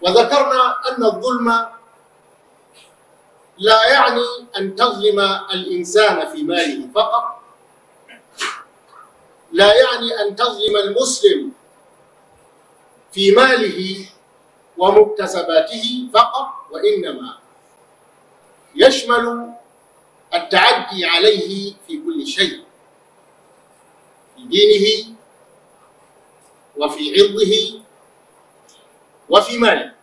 وذكرنا أن الظلم لا يعني أن تظلم الإنسان في ماله فقط لا يعني أن تظلم المسلم في ماله ومكتسباته فقط وإنما يشمل التعدي عليه في كل شيء في دينه وفي عرضه وفي مالك